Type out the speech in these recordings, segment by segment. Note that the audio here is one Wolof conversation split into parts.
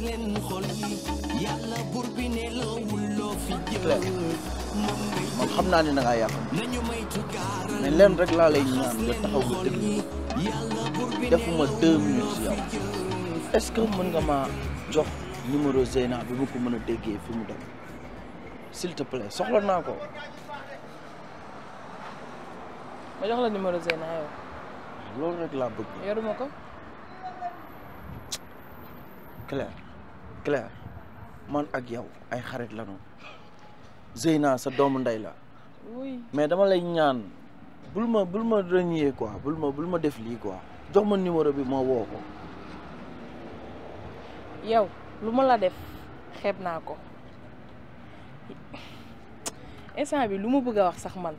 leen xam naa ne da ngaa yàq mais leen rek laa lay ñaan nga taxaw nga déglu defuma deux minutes yow est-ce que mën nga ma jox numéro Zeyna bi ma ko mën a déggee fi mu dem s'il te plaît soxla naa ko ma jox la numéro Zeyna yow loolu rek laa bëgg yoruma ko Claire clair man ak yow ay xarit la lañu naa sa doomu ndey la mais dama lay ñaan bul ma bul ma renier quoi bul ma bul ma def lii quoi jox ma numéro bi ma woo ko yow lu ma la def xeeb naa ko instant bi lu ma bëgg a wax sax man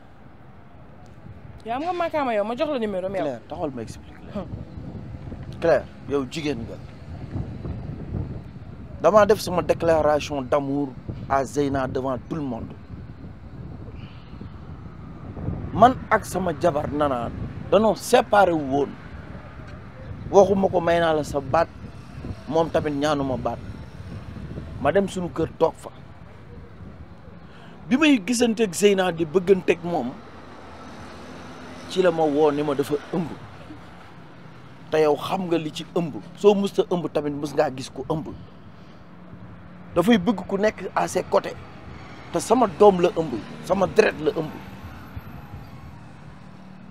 yaa am nga makaama yow ma jox la numéro mais Claire taxal ma explique Claire yow jigéen nga dama def sama déclaration d'amour à Zeyna devant tout le monde man ak sama jabar Nana danoo séparé wu woon waxuma ko may la sa bat mom tamit ñaanuma bat ma dem suñu kër tok fa bi may gisanteeg Zeyna di bëgganteeg mom ci la ma wo ni ma dafa ëmb ta yow xam nga li ci ëmb so mus ta ëmb tamit mus nga gis ko ëmb dafay bëgg ku nekk à ses côtés te sama doom la ëmb sama deret la ëmb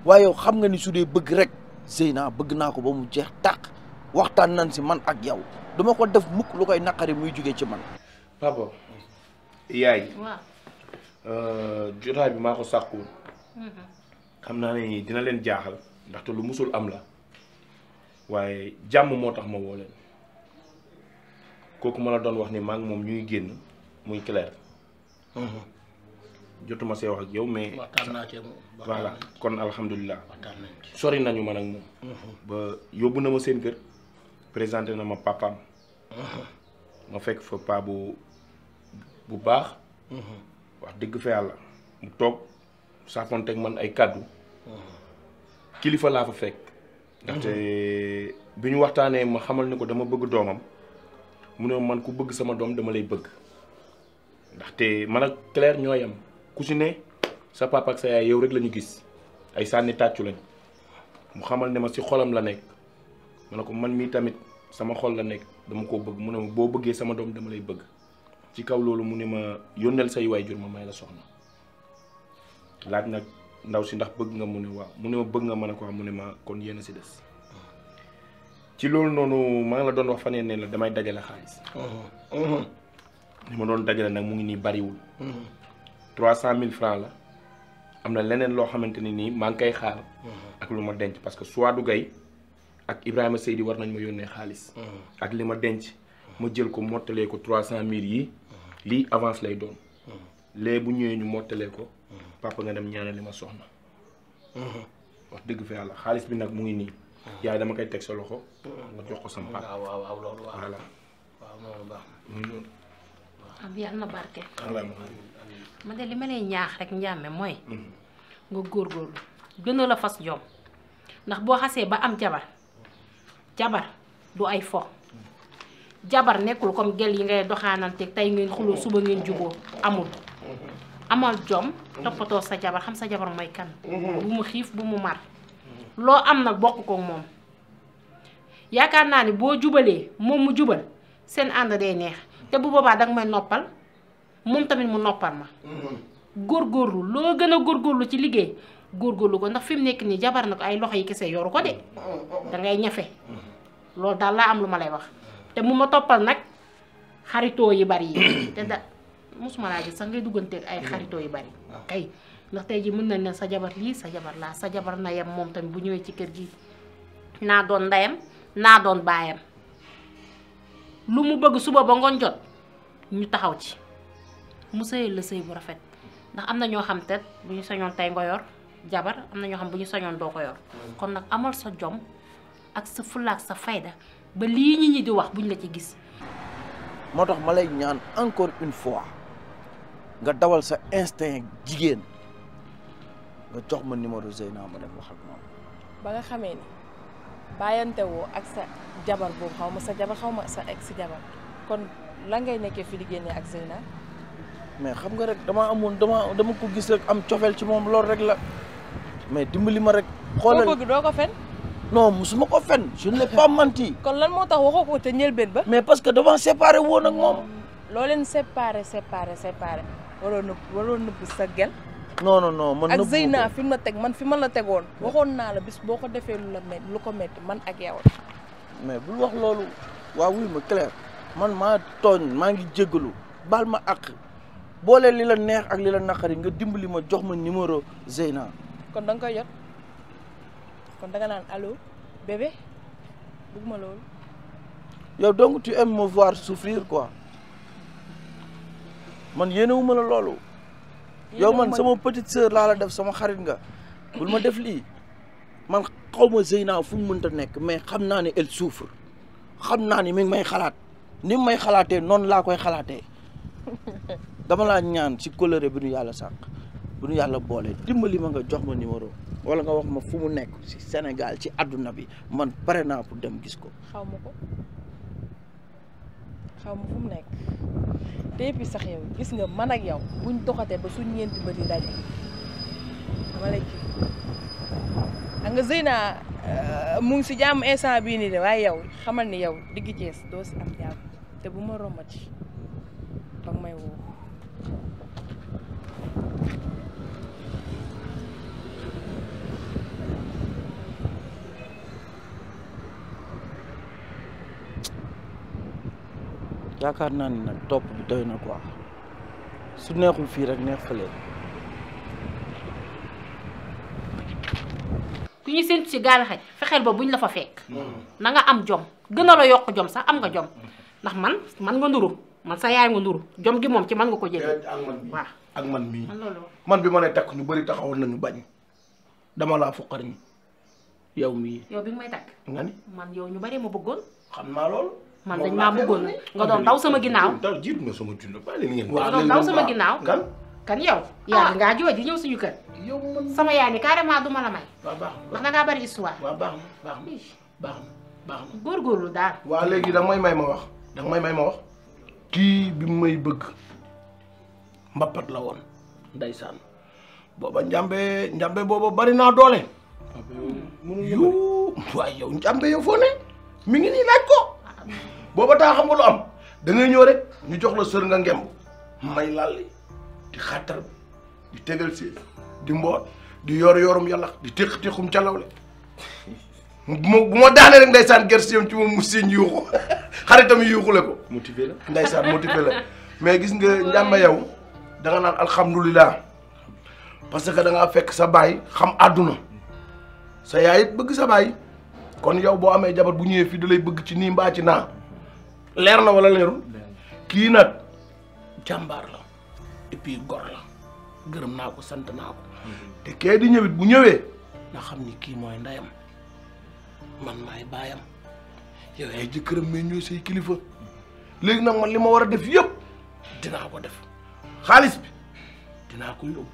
waaye xam nga ni su dee bëgg rek naa bëgg naa ko ba mu jeex tàq waxtaan nan si man ak yow duma ko def mukk lu koy naqari muy jóge ci man. papa yaay. waaw. Euh, jotaay bi maa ko sàkkuwoon. Mm-hmm. xam naa ne dina leen jaaxal ndaxte lu musul am la waaye jàmm moo tax ma woo leen. koku mala la doon wax ni maa ngi moom ñuy genn muy clair. hmm jotuma sey wax ak yow mais. waxtaan naa cee moom voilà kon alhamdullilah waxtaan nañ ci sori nañu man ak mom mhm. ba yobbu na ma seen kër présenté na ma papaam. Mhm. ma fekk fa pa bu bu baax. hmm wax deug fa yalla mu tok toog ak man ay cadeau hmm kilifa la fa fekk. ndaxte mhm. bi ñu waxtaanee ma xamal ni ko dama bëgg doomam mu ne man ku bëgg sama doom dama lay bëgg ndaxte man ak Claire ñoy am ku ci ne sa papa ak sa yaay yow rek lañu gis ay sanni tàccu lañ mu xamal ne ma si xolam la nekk ma ne ko man mii tamit sama xol la nekk dama ko bëgg mu ne ma boo sama doom dama lay bëgg ci kaw loolu mu ne ma yónneel say waajur ma may la soxna laaj nag ndaw si ndax bëgg nga mu ne waaw mu ne ma bëgg nga ma ne ko mu ne ma kon yéen a si ci loolu noonu maa ngi la doon wax fan ne la damay dajale xaalis. Uh-huh. Uh-huh. li ma doon dajale nag mu ngi nii bariwul. Uh-huh. trois cent mille francs la am na leneen loo xamante ni nii maa ngi koy xaar. ak lu ma denc parce que Souadou Gaye ak Ibrahima Seydi war nañ ma yónnee xaalis. ak li ma denc ma jël ko mottalee ko trois cent mille yi lii avance lay doon. lee bu ñëwee ñu mottalee ko. papa nga dem ñaanal li ma soxna. wax dëgg fa yàlla xaalis bi nag mu ngi nii. yaay dama koy teg sa loxo. nga jox ko sama am yàlla na barke. ma de li ma lay ñaax rek njàmme mooy. Mhm. nga góorgóorlu gënal a fas jom ndax boo xasee ba am jabar jabar du ay fo jabar nekkul comme gel yi ngay doxaanante tey ngeen xuloo suba ngeen juboo amul mhm. amal jom toppatoo sa jabar xam sa jabar mooy kan mhm. bu mu xiif bu mu mar lo am nak bokk ko ya yaakaar na ni bo jubale mom mu jubal sen and day neex te bu boba dag may noppal mom tamit mu noppal ma mm-hmm. gorlu lo geuna gor gorlu ci gor gorlu ko ndax fim nek ni jabar na ay loxo kesse yor ko de mm-hmm. ngay ñafé mm-hmm. loolu da la am lu lay wax te mu ma topal nak xarito yi bari te da musuma la gis sa ngay dugganteeg ay xarito yi bari ah. kay ndax tay ji mën nañ ne sa jabar li sa jabar la sa jabar yam mom tam bu ñëwee ci kër gi na doon ndayam na doon bayam lu mu bëgg suba ba ngon jot ñu taxaw ci mu bu rafet ndax amna ño xam tet bu ñu yor jabar amna ño xam bu ñu sañoon ko yor kon nak amal sa jom ak sa fulla ak sa fayda ba li ñi ñi di wax buñ la ci gis motax malay ñaan encore une fois nga dawal sa instinct jigen nga jox ma numéro Zeyna ma def wax ak mom ba nga xamé ni bayanté wo ak sa jabar bo xawma sa jabar xawma sa ex jabar kon la ngay nekké fi di génnee ak Zeyna mais xam nga rek dama amone dama dama ko gis rek am tiofel ci mom lool rek la mais dimbali ma rek xolal ko do ko fen non musuma ko fen je ne pas menti kon lan motax waxoko te ko te ba mais parce que dama séparé won ak mom mm, loo leen séparé séparé séparé waroon nëbb waroon nëbb sa gel non non non man ak Zeyna fi ma teg man fi man la tegoon waxoon naa la bis boo ko defee lu la metti lu ko metti man ak yow mais bul wax loolu waa wuy ma clair man maa tooñ maa ngi jéggalu baal ma àq boole li la neex ak li la naqari nga dimbali ma jox ma numéro Zeyna kon danga nga koy jot kon da nga naan allo bébé bëgguma loolu yow donc tu aimes me voir souffrir quoi man yéenewuma la loolu yow man sama petite sœur laa la def sama xarit nga bul ma def lii man xaw ma Zeyna fu mu mënta nekk mais xam naa ne elle souffre xam naa ni mi may xalaat ni may xalaatee noonu laa koy xalaatee dama laa ñaan ci colère bi nu yàlla sànq bu nu yàlla boole dimbali ma nga jox ma numéro wala nga wax ma fu mu nekk ci Sénégal ci àdduna bi man pare naa pour dem gis ko. xaw ko. xaw ma mu nekk te puis sax yow gis nga man ak yow buñ doxatee ba suñ ñeenti bët yi daje dama lay kii xam nga Zeyna euh, mu ngi si jàmm instant bii nii de waaye yow xamal ni yow digg Cees doo am jàmm te bu ma rombati ba may woo. yaakaar naa ni nag topp bi doy na quoi su neexul fii rek neex fa leen ku ñu séntu ci gaal fexeel ba buñ la fa fekk na nga am jom gën a la yokk jom sax am nga jom ndax man man nga nduru man sa yaay nga nduru jom gi moom ci man nga ko jële waaw ak man mii man bi ma ne takk ñu bëri taxawoon nañu bañ dama laa fuqar ñi yow mii yow bi may takk nga ni man yow ñu bari ma bëggoon xam naa loolu man dañ maa bëggoon nga doon daw sama ginnaaw. daw jiitu nga sama junne bàyyi ngeen. waaw doon daw sama ginnaaw. kan kan yow. yaa ngaa jooju ñëw suñu kër. yow man sama yaay ni carrément du ma la may. waaw baax na ndax da ngaa bari histoire. waaw baax na baax na baax na baax na. góorgóorlu daal. léegi da may may ma wax da may may ma wax. kii bi may bëgg mbappat la woon ndeysaan booba njàmbe njàmbe booba bari naa doole. waaw yow njàmbe yow foo ne mi ngi nii laaj ko. boba taa xam lu am da ngay ñëw rek ñu jox la sœur nga may lalli di xatar di tegal si di mbot di yor yorum yalla di téq ci lawle bu mo daane rek ndaysan gersiyam ci mo mu siñ yuuxu xaritam yuuxule ko motivé la ndaysan motivé la mais gis nga njàmba yow da nga nan alhamdullilah parce que da nga fekk sa bay xam aduna sa yaay bëgg sa bay kon yow bo amé jabar bu fi dalay bëgg ci ni mba ci na leer na wala leerul ki nak jambar la et puis gor la geureum nako, sant nako mm-hmm. te ke di ñewit bu ñewé na xamni ki moy ndayam man may bayam, yow ay jëkërëm me ñooy sey kilifa mm-hmm. leg nak man lima wara def yépp dina ko def xaalis bi dina ko yob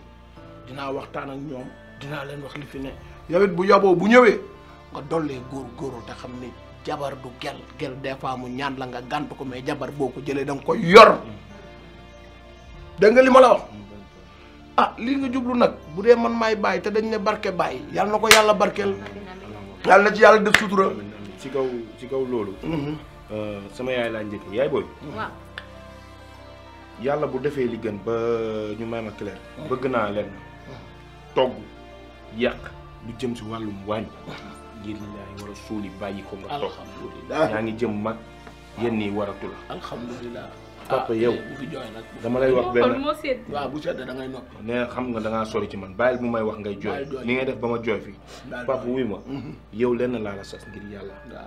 dina waxtaan ak ñoom dina leen wax li fi ne yow bu yabo bu ñewé nga dollee gor ta xamni jabar du gel gel des fois mu ñaan la nga gant ko mais jabar boko jele dang ko yor de nga lima la wax ah li nga jublu nak budé man may bay té dañ né barké bay yalla nako yalla barkel yalla ci yalla def sutura ci kaw ci kaw lolu mhm. euh sama yaay la ñëk yaay boy yalla bu défé li gën ba ñu may ma clair mhm. bëgg na len mhm. togg yak du jëm ci walum wañ alhamdulillahi wa rasuli bàyyi ko nga toog alhamdulilah yaa ngi jëm mag yéen waratul alhamdulilah papa yow dama lay wax benn waaw bu sedd da ngay noppi ne xam nga da ngaa sori ci man bàyyil mu may wax ngay jooy ni ngay def ba ma fi papa wuy ma mhm. yow lenn laa la sas ngir yàlla ya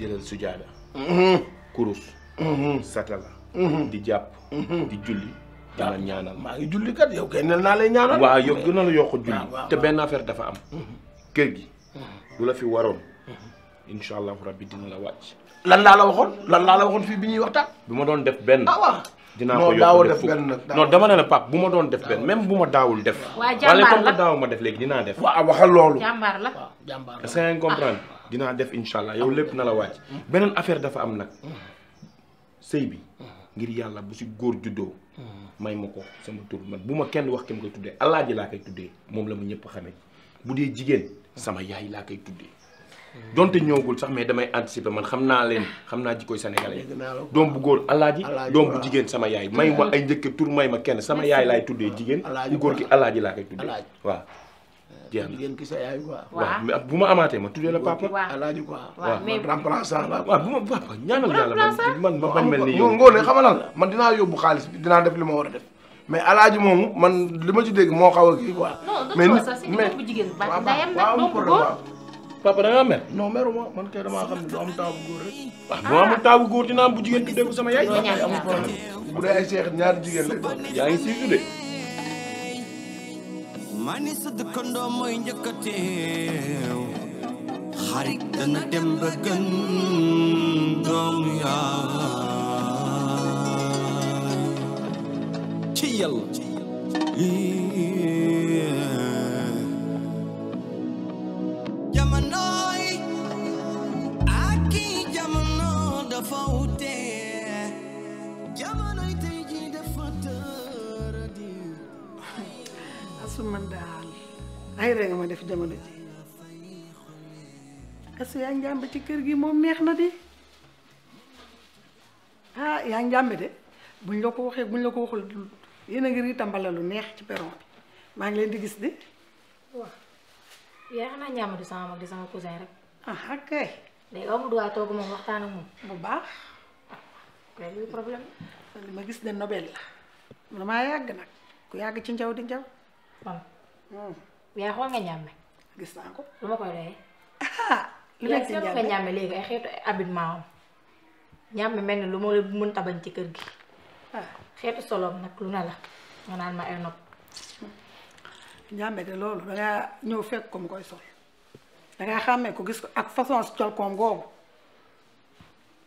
jëlal sujaada mhm. kurus satala di jàpp di julli dana ñaanal maa ngi julli kat yow kay nel lay ñaanal waaw yow gën a la yokk julli te benn affaire dafa am kër gi lu la fi waroon. Mm-hmm. incha allahu rabbi dina la wàcc. lan laa la waxoon lan laa la waxoon fii bi ñuy waxtaan. bi ma doon def benn. dina ah, waaw dinaa ko yokk def benn non dama ne la Pape bu ma doon def benn même bu ma daawul def. waa jàmbaar la daaw ma def léegi dinaa def. waaw loolu. jàmbaar la waaw jàmbaar la ah. dinaa def incha allah yow ah. lépp na la wàcc. Mm-hmm. beneen affaire dafa am nag. Mm-hmm. bi ngir yàlla bu si góor juddoo. may ma ko sama tur man bu ma kenn wax ki koy tuddee alaaji laa koy tuddee moom la ma ñëpp xamee bu dee jigéen sama yaay laa koy tuddee donte ñëwagul sax mais damay anticiper man xam naa leen xam naa jikkoy sénégalais doom bu góor alaaji doom bu jigéen sama yaay may ma ay njëkk tur may ma kenn sama yaay laay tuddee jigéen bu góor ki alaaji laa koy tuddee waaw eh, jeex na jigéen ki sa yaay quoi. waaw mais bu ma amaatee ma tuddee la papa. waaw alaaji quoi. waaw mais remplaçant la. waaw bu ma papa ñaanal yàlla man man ma bañ mel ni yow. ngoone xamal man dinaa yóbbu xaalis bi dinaa def li ma war a def. mais alaaji moomu man li ma ci dégg moo xaw a kii quoi. mais non papa da ngaa mer. non meruma man kay damaa xam ne am taabu ma ah, amul ah. taabu góor dina am bu jigéen bi déggu sama yaay. amul problème bu dee ay seex ñaari de. mani sa dëkkandoo mooy njëkk yàlla jamonooy ak kii jamono dafa wute jamonoy tey ji dafa tëra di asu man daal ay ree ma def jamono ji asu yaa njàmbe ci kër gi moom meex na di ah yaa njàmbe de buñ la ko waxee buñ la ko waxul yéna ngir ngi rii lu neex ci perron bi ma ngi leen di gis di waaw yaa xanaa ñam du sama mag di sama cousin rek ah ok léegi amul droit toog moom waxtaan ak moom bu baax kay luy problème li ma gis de nobel la mo ma yag nak ku yag ci ndaw di ndaw njaw hmm ya xool nga ñàmme gis na ko luma ma koy doyee ah, lu nekk si ñàmme léegi ay xeetu habillement am ñàmme mel ni lu ma mën tabañ ci kër gi Ah, xeetu solom nag lu ne la nga naan ma ay nopp de loolu dangaa ñëw fekk ko mu koy sol dangaa xàmmee ko gis ko ak façon col googu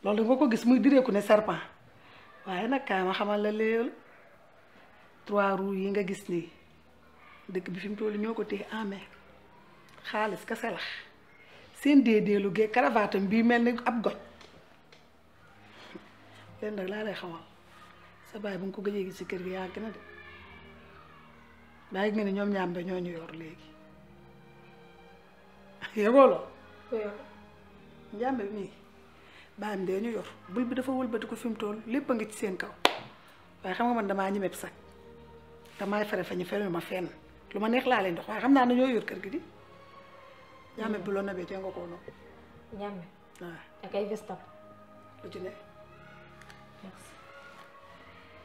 loolu nga ko gis muy direeku ne serpent waaye nag kaay ma xamal la léelu trois roues yi nga gis nii dëkk bi fi mu toll ñoo ko téye amee xaalis kese la seen déedéelu gee karavatam bii mel ni ab goj leen nag laa lay xamal sa baay bu nga ko gëjee gis ci kër gi yàgg na de bàyyi nga ne ñoom ñaam ñoo ñu yor léegi yëgoo loo njàmbe mii baayam dee ñu yor bul bi dafa wëlbati ko fi mu toll lépp a ngi ci seen kaw waaye xam nga man damaa ñemeb sax damaay fere fa ñu fere ma fenn lu ma neex laa leen dox waaye xam naa ne ñoo yor kër gi di njàmbe bu loo nabee te nga koo noonu njàmbe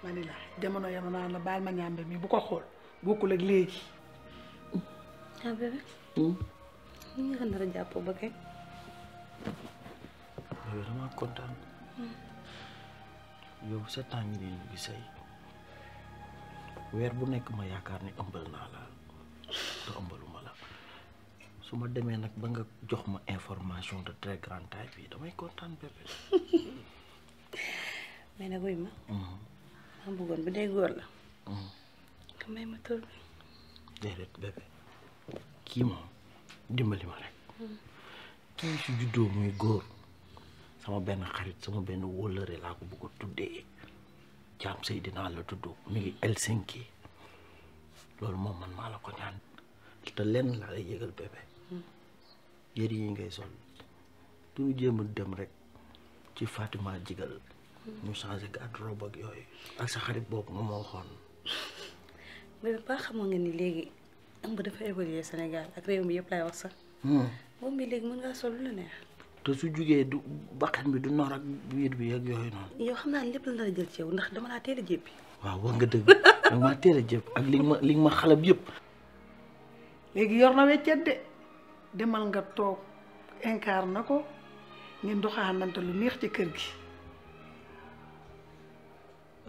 Manila. jamono yama naa na bal ma ñàmbe mi bu ko xool bokkul ak léegi. ah hmm ñu ngi ko nar a jàppoo ba kay. bébé dama kontaan. Hmm. yow sa temps ñu ne bi say bu nekk ma yaakaar ne ëmbal naa la te ëmbaluma la su ma demee ba nga jox ma information de très grande taille bi damay kontaan mais nag ma. Hmm dama bëggoon bu day góor la. nga may ma tur bi. déedéet bébé kii dimbali ma rek. su juddo muy góor sama ben xarit hmm. eh, hmm. sama ben wolere la ko bëgg tuddé jam jaam say la tuddo mi ngi ki loolu mom man mala ko ñaan te len la lay yegal bébé. ngay sol tu jëm dem rek ci Fatima Jigal mu changé ak robe ak yooyu ak sa xarit boobu moom moo waxoon. nga ni léegi ëmb dafa évoluer Sénégal ak réew mi yëpp laay wax sax. moom bi léegi mën ngaa sol lu la neex. su jugee du bakkan bi du noor ak biir bi ak yooyu ma ma yor na de demal nga toog incar na ko ngeen doxaanante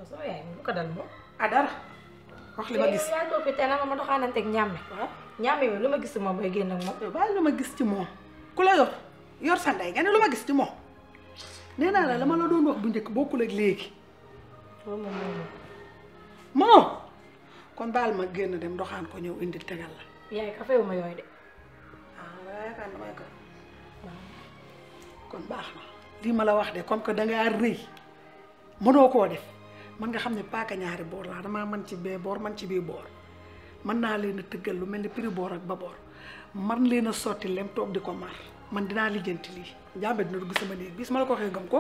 sama yaay moom lu ko dal ada ah dara wax li ma gis yaay toog fi tey nag ma lu ma gis ci moom bay génn ak moom bàyyi lu ma gis ci lu ma gis ci moom nee naa la la ma la doon wax dem doxaan ko ñëw indil tegal la yaay kafe wu ma yooyu de yaakaar damay ko kon baax na lii ma la wax de comme que dangaa rëy mënoo koo def man nga xam hari paaka ñaari bor la dama man ci bé bor man ci mana bor man na leena a lu melni prix ak ba man leena soti lem tok di mar man dina lijeenti li njàmbe dina dug sama neeg bis mala ko waxe gam ko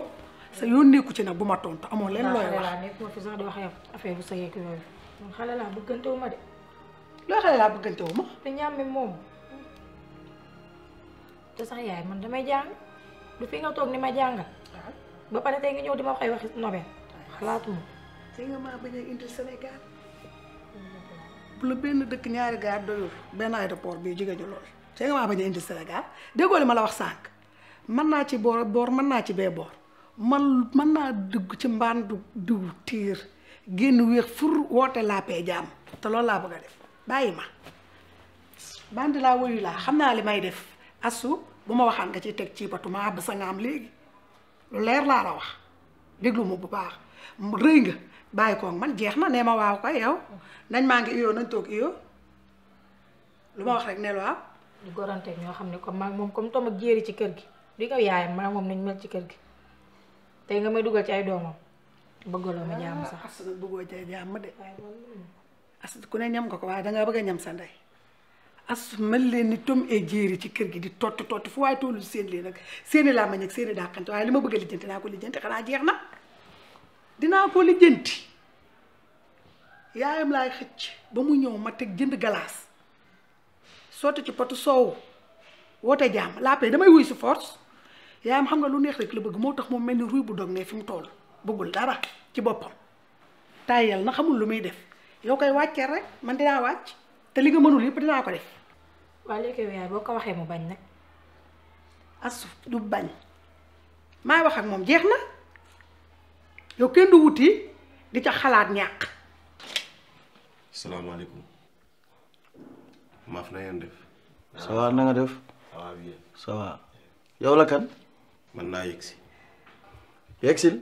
sa ku ci nag bu ma tontu amoo leen looy wax nekkuma fi sax di waxe affaire bu sey yeeg yooyu man xala la bëggante wuma de lo xala la bëggante wuma te ñàmme mom te sax yaay man damay jang du fi nga tok ni ma ba pare tay nga ñew di ma wax te nga maa bañ a indi Sénégal bu la benn dëkk ñaari gaar doyul benn aéroport bii jigéen ñu lool te nga maa bañ a indi Sénégal déggoo li ma la wax sànq mën naa ci boor boor mën naa ci bee boor man mën naa dugg ci mbaan du dugg tiir génn wéex fur woote laa pee jàmm te loolu laa bëgg a def bàyyi ma bandi laa woyu xam naa li may def asu bu ma waxaan nga ci teg ci batu ma àbb sa am léegi lu leer laa la wax déglu ma bu baax mu nga bàyyi koog man jeex na nee ma waaw koy yow nañ maa ngi iyoo nañ toog iyoo lu ma wax rek ne waaw. di gorante ñoo xam ne comme maa moom comme Tom ma jéeri ci kër gi di ko yaayam maa moom nañ mel ci kër gi tey nga may duggal ci ay doomam bëggaloo ma jàmm sax. Ah, as na bëggoo jaay jàmm de as ku ne ñam nga ko waaye dangaa bëgg a ñam sa ndey. as mën leen ni tom e jéeri ci kër gi di tot tot fu waaye toolu seen leen nag seeni laa mañ ak seeni dàqante waaye li ma bëgg a lijjanti naa ko lijjanti xanaa jeex na dinaa ko lijjanti yaayam laay xëcc ba mu ñëw ma teg jënd galaas sotti ci potu soow woote jaam laa pay damay wuy si force yaayam xam nga lu neex rek la bëgg moo tax moom mel ni ruy bu dog ne fi mu bëggul dara ci boppam tàyyal na xamul lu muy def yow koy wàccee rek man dinaa wàcc te li nga mënul yëpp dinaa ko def waaye léegi boo ko waxee mu bañ nag. asu du bañ maay wax ak moom jeex na yow kenn du wuti di ca xalaat ñàkk. salaamaaleykum. maaf na def. ça va na nga yow la kan. man naa yegsi. yegsil.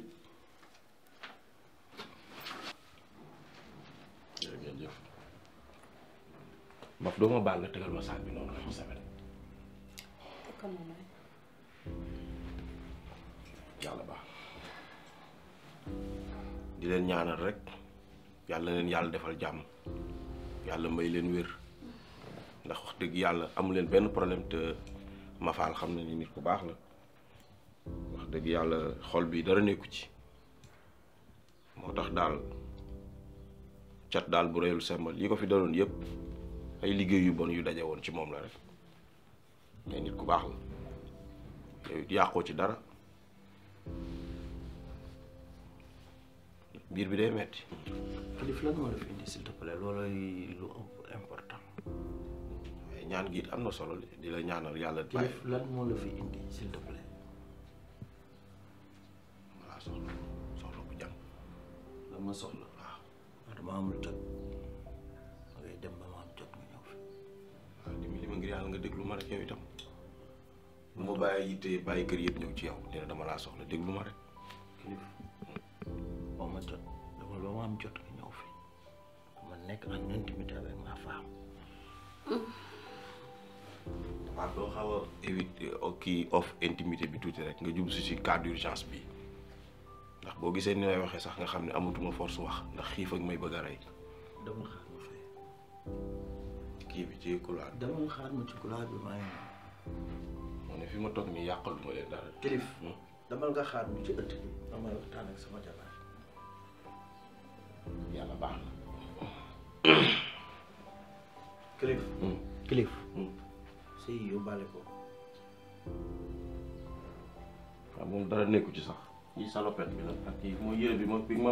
ma do ma baal tegal ma saag bi non la xam ne. yalla ba di len ñaanal rek yalla len yalla defal jàmm yalla may len wër ndax wax deug yalla amu len ben problème te ma faal xam na ni nit ku baax la wax deug yalla xol bi dara neeku ci motax dal daal dal bu reyul sembal yi ko fi doon yépp ay liggey yu bon yu daje woon ci mom la rek mais nit ku baax la yow yàqoo ci dara bir bi day metti xalif la moo fi indi s'il te plaît looloy lu ëpp important ñaan gi amna solo di la ñaanal yalla di xalif lan mo la fi indi s'il te plaît ma soxla soxla bu jàng dama soxla waaw ah, dama amul tak nga déglu ma rek yow itam bu ma bàyyi yitte bàyyi kër yëpp ñëw ci yow dina dama laa soxla déglu ma rek. boo ma jot dama loo ma am jot nga ñëw fi ma nekk en intimité avec ma euh, kii off intimité bi tuuti rek nga jub si si cas d'urgence bi ndax boo gisee ni waxee sax nga xam ne amatuma force wax ndax xiif ak may bëgg a rey. dama xaar ma fay. kii bi ci kulaar. dama nga xaar ma ci kulaar bi maa ngi mu ne fi ma toog nii yàqal ma leen dara. kilif hmm? dama nga xaar ma ci ëtt bi dama waxtaan ak sama jabar yàlla baax na. kilif. Hmm? kilif. Hmm? sëy yóbbaale ko. waaw ah, moom dara nekku ci sax. yi salopette bi la ak kii mooy yére bi ma bi ma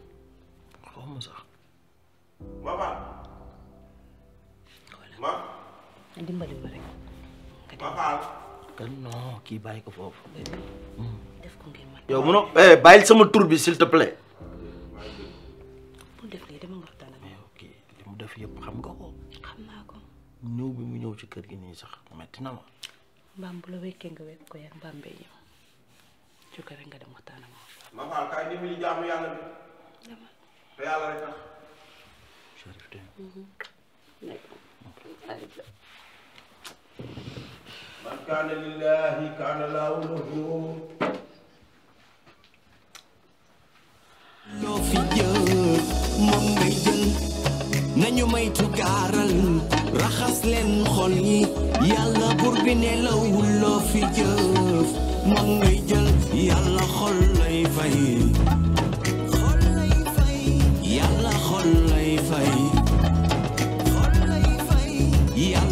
Bakal. non kii bàyyi ko foofu. Hmm. def eh bàyyil sama tur bi s'il te plaît. bu def lii dama nga waxtaan ak eh, ok li mu def yëpp ya, xam nga ko. xam naa ko. ñëw bi mu ñëw ci kër gi nii sax metti na ma. mbaam bu la wekkee nga wekk ko yaa mbaam bee man kaana lillahi kaana laahu lahu loo fi jël moom ngay jël nañu maytu gaaral raxas leen xol yi yàlla bur bi ne lawul loo fi jëf moom ngay jël yàlla xol lay fay xol lay fay yàlla xol lay fay xol lay fay